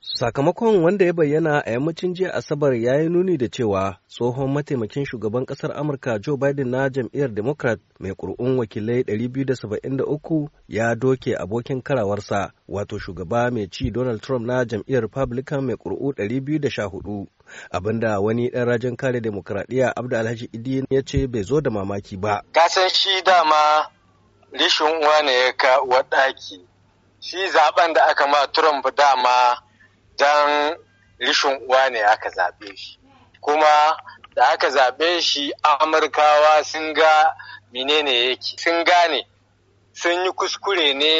Sakamakon wanda ya bayyana a yammacin jiya Asabar ya yi nuni da cewa tsohon mataimakin shugaban kasar Amurka Joe Biden na jam'iyyar Democrat mai kur'un wakilai 273 ya doke abokin karawarsa wato shugaba mai ci Donald Trump na jam'iyyar Republican mai kur'u 214 abinda wani ɗan rajin kare demokradiyya Abdu Alhaji Idi ya ce bai zo da mamaki ba. Ka san shi dama rishin uwa ne ya ka ɗaki. Shi zaben da aka ma Trump dama don rishin uwa ne aka zaɓe shi kuma da aka zaɓe shi amurkawa sun ga menene yake sun gane sun yi kuskure ne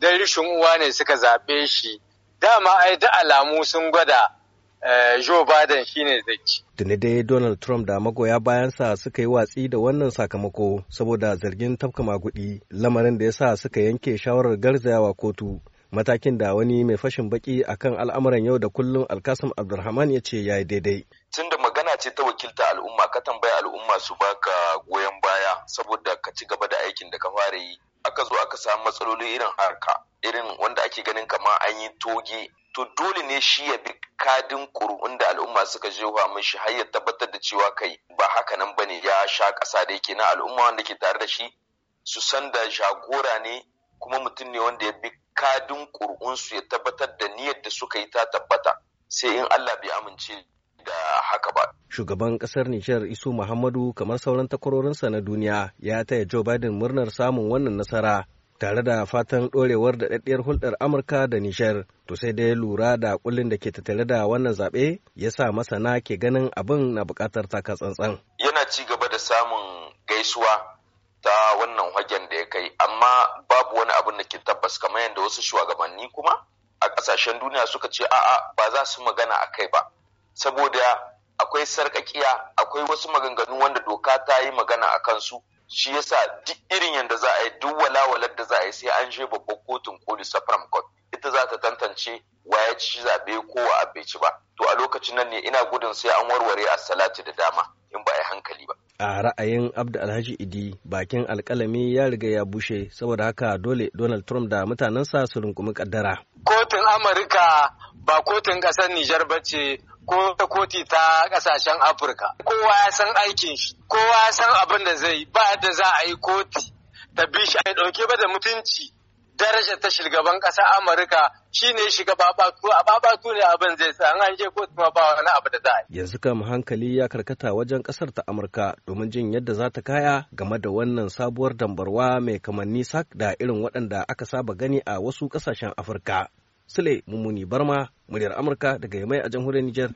don rishin uwa ne suka zaɓe shi dama ai da alamu sun gwada eh, Joe Biden shine zai ci. Tuni dai Donald Trump da magoya bayansa suka yi watsi da wannan sakamako saboda zargin tafka maguɗi, lamarin da ya sa suka yanke shawarar garzayawa kotu matakin da wani mai fashin baki akan al'amuran yau da kullum alkasim abdulrahman ya ce ya yi daidai tunda magana ce ta wakilta al'umma ka tambaya al'umma su baka goyon baya saboda ka ci gaba da aikin da ka fara yi aka zo aka samu matsaloli irin harka irin wanda ake ganin kama an yi toge to dole ne shi ya bi kadin ƙuri'un da al'umma suka jefa mishi har ya tabbatar da cewa kai ba haka nan bane ya sha ƙasa da yake na al'umma wanda ke tare da shi su san da jagora ne kuma mutum ne wanda ya bi kadin ƙur'unsu ya tabbatar da niyyar da suka yi ta tabbata sai in Allah bai amince da haka ba. Shugaban ƙasar Nijar Isu Muhammadu kamar sauran takwarorinsa na duniya ya taya Joe Biden murnar samun wannan nasara tare da fatan ɗorewar da ɗaɗɗiyar hulɗar Amurka da Nijar. To sai dai lura da kullin da ke tattare da wannan zaɓe ya sa masana ke ganin abin na buƙatar taka tsantsan. Yana ci gaba da samun gaisuwa ta wannan hagen da ya kai amma babu wani abin da ke tabbas kamar yadda wasu shugabanni kuma a kasashen duniya suka ce a'a ba za su magana a kai ba saboda akwai sarkakiya akwai wasu maganganu wanda doka ta yi magana a kansu shi yasa duk irin yadda za a yi duk walawalar da za a yi sai an je babban kotun koli supreme court ita za ta tantance ya ci zaɓe ko wa bai ci ba to a lokacin nan ne ina gudun sai an warware a salati da dama in ba a hankali ba. A ra'ayin Abdu Alhaji Idi bakin alkalami ya riga ya bushe saboda haka dole Donald Trump da mutanensa su rungumi kaddara. Kotun Amurka ba kotun kasar Nijar ba ce ko ta koti ta kasashen Afirka. Kowa ya san aikin shi, kowa ya san abin da zai ba da za a yi koti ta bi shi a ɗauke ba da mutunci darajar ta shugaban ƙasa Amurka shine shiga babatu a babatu ne abin zai sa an je kotu ma ba wani abu da za a yanzu kam hankali ya karkata wajen ƙasar ta Amurka domin jin yadda za ta kaya game da wannan sabuwar dambarwa mai kamanni sak da irin waɗanda aka saba gani a wasu ƙasashen Afirka Sule Mummuni Barma muryar Amurka daga Yamai a jamhuriyar Nijar